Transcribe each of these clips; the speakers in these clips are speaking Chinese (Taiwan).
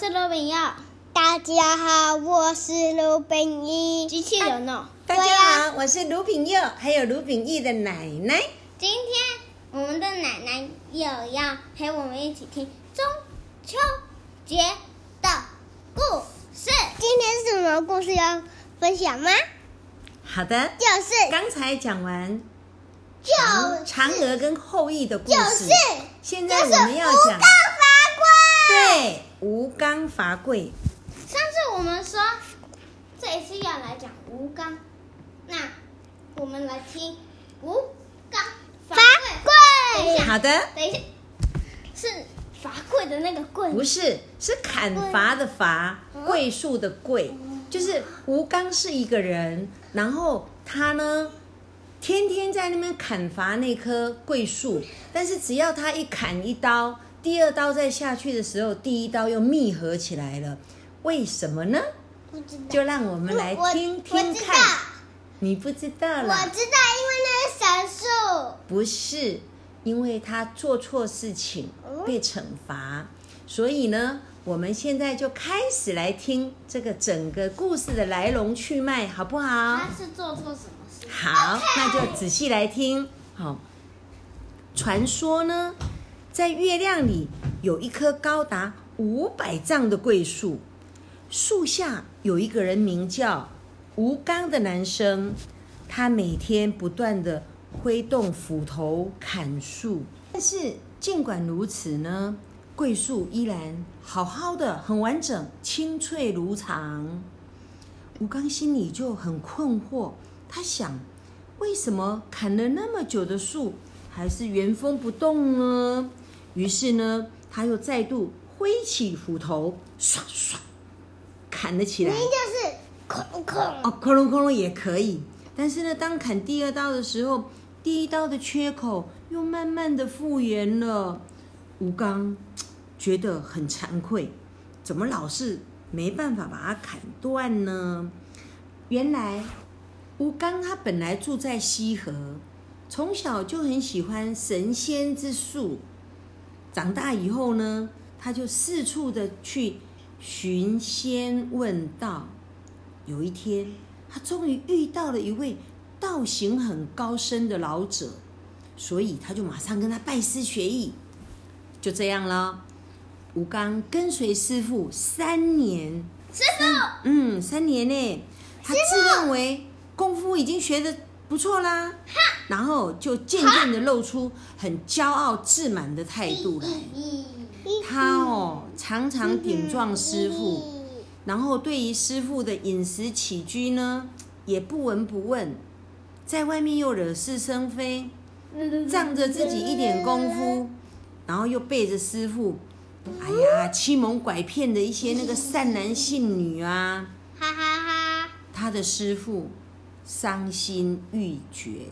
我是盧炳耀，大家好，我是盧炳義機器人、哦啊、大家好，啊、我是盧炳佑還有盧炳義的奶奶。今天我們的奶奶又要陪我們一起聽中秋節的故事。今天是什麼故事要分享嗎？好的，就是剛才講完、就是，就是嫦娥跟后羿的故事。現在我們要講吳剛伐桂，對。吳剛伐桂。上次我們說，這一次要來講吳剛。那我們來聽吳剛伐桂。等一下，好的。等一下，是伐桂的那個桂。不是，是砍伐的伐，桂樹的桂、哦。就是吳剛是一個人，然後他呢，天天在那邊砍伐那棵桂樹，但是只要他一砍一刀。第二刀再下去的時候，第一刀又密合起來了，為什麼呢？不知道。就讓我們來聽聽看。你不知道了，我知道，因為那是神樹。不是，因為他做錯事情被懲罰。嗯，所以呢，我們現在就開始來聽這個整個故事的來龍去脈，好不好？他是做錯什麼事？好，okay，那就仔細來聽。好，傳說呢？在月亮裡有一棵高達五百丈的桂樹，樹下有一個人名叫吳剛的男生，他每天不斷地揮動斧頭砍樹，但是儘管如此呢，桂樹依然好好的，很完整，青翠如常。吳剛心裡就很困惑，他想，為什麼砍了那麼久的樹，還是原封不動呢？於是呢，他又再度揮起斧頭，唰唰砍了起來。你就是恐龍哦，恐龍也可以。但是呢，當砍第二刀的時候，第一刀的缺口又慢慢的復原了。吳剛覺得很慚愧，怎麼老是沒辦法把它砍斷呢？原來吳剛他本來住在西河，從小就很喜歡神仙之術。長大以後呢，他就四處的去尋仙問道。有一天，他終於遇到了一位道行很高深的老者，所以他就馬上跟他拜師學藝。就這樣了，吳剛跟隨師傅三年。師傅，嗯，三年呢，他自認為功夫已經學得不錯啦。然後就漸漸地露出很驕傲自滿的態度來。他哦，常常頂撞師父，然後對於師父的飲食起居呢，也不聞不問，在外面又惹是生非，仗着自己一點功夫，然後又背着師父，哎呀，欺蒙拐騙的一些那個善男信女啊！哈哈哈！他的師父傷心欲絕。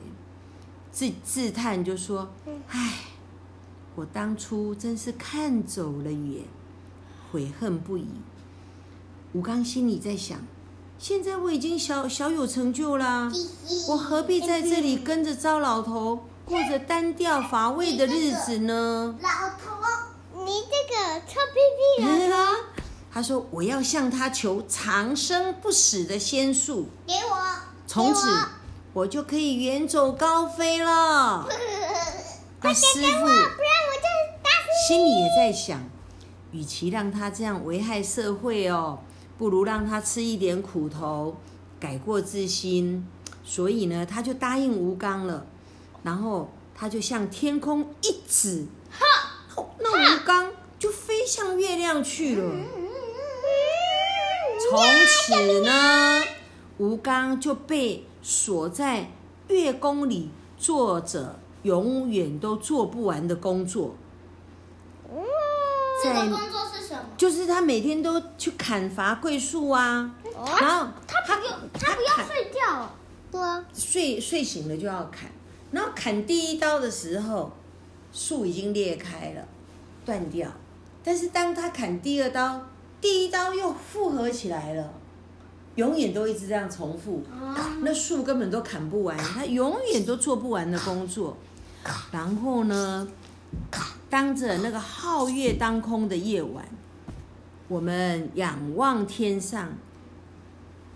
自自嘆就說：“唉，我當初真是看走了眼，悔恨不已。”吳剛心裡在想：“現在我已經小小有成就了，我何必在這裡跟着糟老頭過着單調乏味的日子呢？”哎這個、老頭，你這個臭屁屁！啊、他說：“我要向他求長生不死的仙術。此”給我，從此。我就可以遠走高飛了。那師傅，心裡也在想，與其讓他這樣危害社會哦，不如讓他吃一點苦頭，改過自新。所以呢，他就答應吳剛了。然後他就向天空一指，哦，那吳剛就飛向月亮去了。從此呢。吳剛就被鎖在月宮裡，做着永遠都做不完的工作。哦，這個工作是什麼？就是他每天都去砍伐桂樹啊，然後他不用，他不要睡覺，對啊，睡睡醒了就要砍，然後砍第一刀的時候，樹已經裂開了，斷掉，但是當他砍第二刀，第一刀又復合起來了。永遠都一直這樣重複，哦、那樹根本都砍不完，他永遠都做不完的工作。然後呢，當着那個皓月當空的夜晚，我們仰望天上，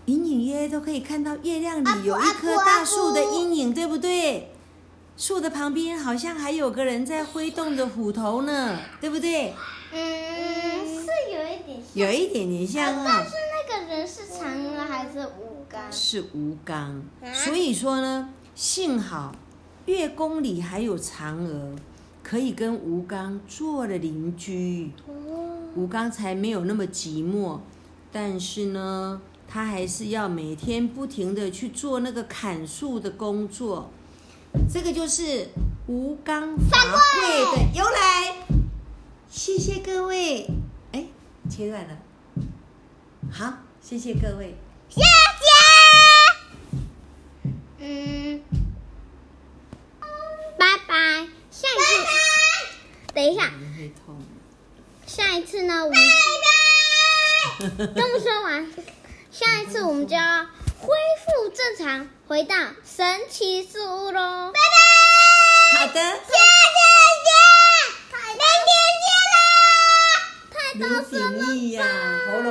隱隱約約都可以看到月亮裡有一棵大樹的陰影，啊啊，對不對？樹的旁邊好像還有個人在揮動着斧頭呢，對不對？嗯，是有一點像，有一點點像啊。是吳剛，是吳剛，所以說呢，幸好月宮裡還有嫦娥，可以跟吳剛做了鄰居，吳剛才沒有那麼寂寞。但是呢，他還是要每天不停的去做那個砍樹的工作，這個就是吳剛伐桂的由來。謝謝各位，哎，切斷了，好，謝謝各位。謝謝，嗯，拜拜，下一次，bye bye! 等一下，下一次呢？拜拜。哈哈哈說完， 下一次我們就要恢復正常，回到神奇樹屋嘍。拜拜。好的。謝謝見。再見，見啦。太大聲了吧。